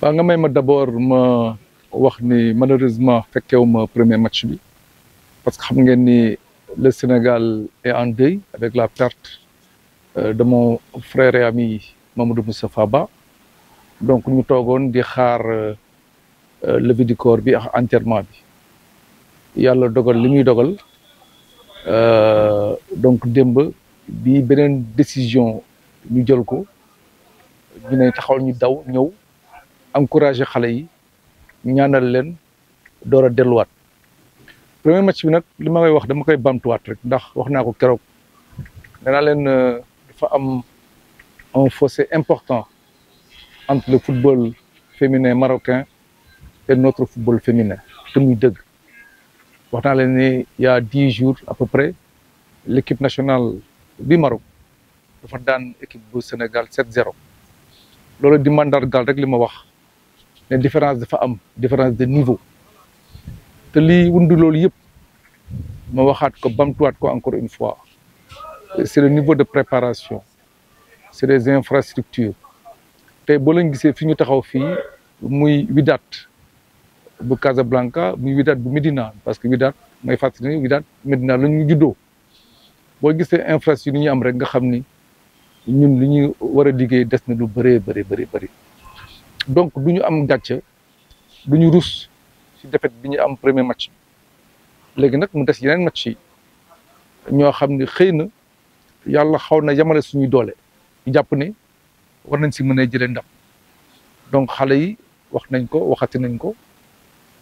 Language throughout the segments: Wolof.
waaw nga may ma d'abord ma wax ni malheureusement fekkewu ma premier match bi parce que xam ngeen ni le Sénégal est en deuil avec la perte euh, de mon frère et ami Mamadou Moustapha Ba donc ñu toogoon di xaar euh, euh, levée du bi ak enterrement bi yàlla dogal lu muy dogal donc démb bi beneen décision ñu jël ko ñu ne taxawal ñu daw ñëw encouragé xale yi ñaanal leen door a delluwaat premier match bi nag li ma koy wax dama koy bamtuwaat rek ndax wax naa ko keroog nee naa leen euh, dafa am un fossé important entre le football féminin marocain et notre football féminin te muy dëgg wax naa leen ni il y dix jours à peu près l'équipe nationale du Maroc dafa daan équipe bu Sénégal 7-0 loolu di mandargal rek li ma wax ne différence dafa am différence de niveau te li wundu loolu yëpp ma waxaat ko bamtuwaat ko encore une fois c'est le niveau de préparation c'est des infrastructures te boo leen gisee fi ñu taxaw fii muy Widaat bu Casablanca muy Widaat bu Médina parce que Widaat may fàttali ne Widaat Médina la ñu juddoo boo gisee infrastructure yi ñu am rek nga xam ni ñun li ñuy war a liggéey des na lu bëree bëri bëri bëri donc du ñu am gàcce du ñu rus si défaite bi ñu am premier match léegi nag mu des yeneen match yi ñoo xam ne xëy na yàlla xaw na yamale suñuy doole jàpp ne war nañ si mën a jëlee ndam donc xale yi wax nañ ko waxati nañ ko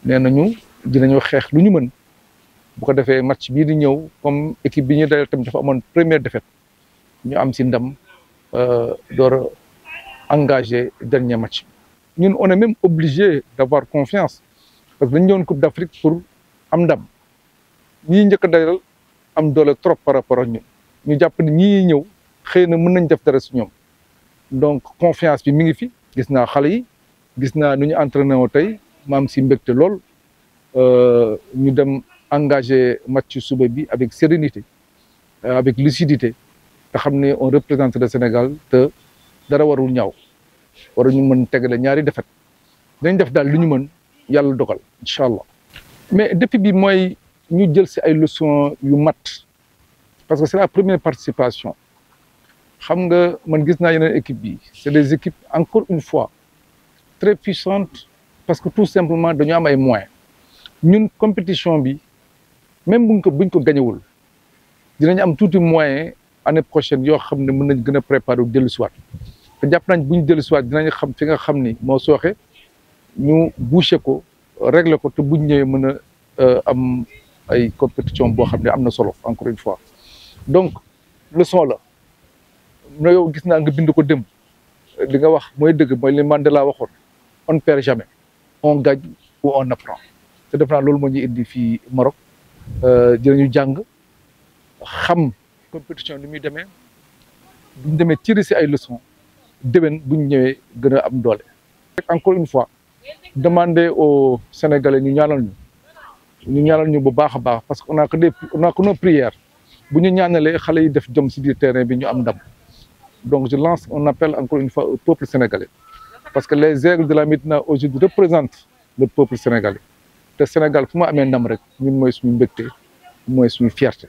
nee nañu dinañu xeex lu ñu mën bu ko defee match bii di ñëw comme équipe bi ñuy dajal tam dafa amoon première défaite ñu am si ndam euh, door a engagé dernier match. ñun on est même obligé d'avoir confiance parce que dañu ñëwoon Coupe d'Afrique pour am ndam ñi njëkk a dajal am doole trop par rapport ak ñun ñu jàpp ne ñii ñëw xëy na mën nañ def dara si donc confiance bi mi ngi fi gis naa xale yi gis naa nu ñu entraîné woo tey maam si mbégte lool euh, ñu dem engagé match suba bi avec sérénité euh, avec lucidité te xam ne on représente le Sénégal te dara warul ñaw war ñu mën tegale ñaari defet dañ def daal lu ñu mën yàlla dogal incha allah mais défi bi mooy ñu jël si ay leçons yu mat parce que c'est la première participation xam nga man gis naa yeneen équipe bi c'est des équipes encore une fois très puissantes parce que tout simplement dañu am ay moyens ñun compétition bi même buñ ko buñ ko gañewul dinañ am tuuti moyen année prochaine yoo xam ne mën nañ gën a préparer dellu si waat te jàpp nañ bu ñu dellu siwaat dinañ xam fi nga xam ni moo sooxe ñu boucher ko régler ko te buñ ñëwee mën a euh, am ay compétition boo xam ne am na solo encore une fois donc leçon la no yow gis naa nga bind ko dem li nga wax mooy dëgg mooy li Mandela waxoon on perd jamais on gagne ou on apprend te def naa loolu moo ñuy indi fii Maroc euh, dinañu jàng xam compétition ni muy demee duñ demee tirer si ay leçons déwén bu ñu ñëwee gën a am doole. encore une fois demander aux Sénégalais ñu ñaanal ñu ñu ñaanal ñu bu baax a baax parce que on a que des bu ñu ñaanalee xale yi def jom si biir terrain bi ñu am dam donc je lance on appel encore une fois au peuple sénégalais parce que les aigles de la Médina aujourd'hui représentent le peuple sénégalais te Sénégal fu ma amee ndam rek ñun mooy suñu mbégte mooy suñu fierté.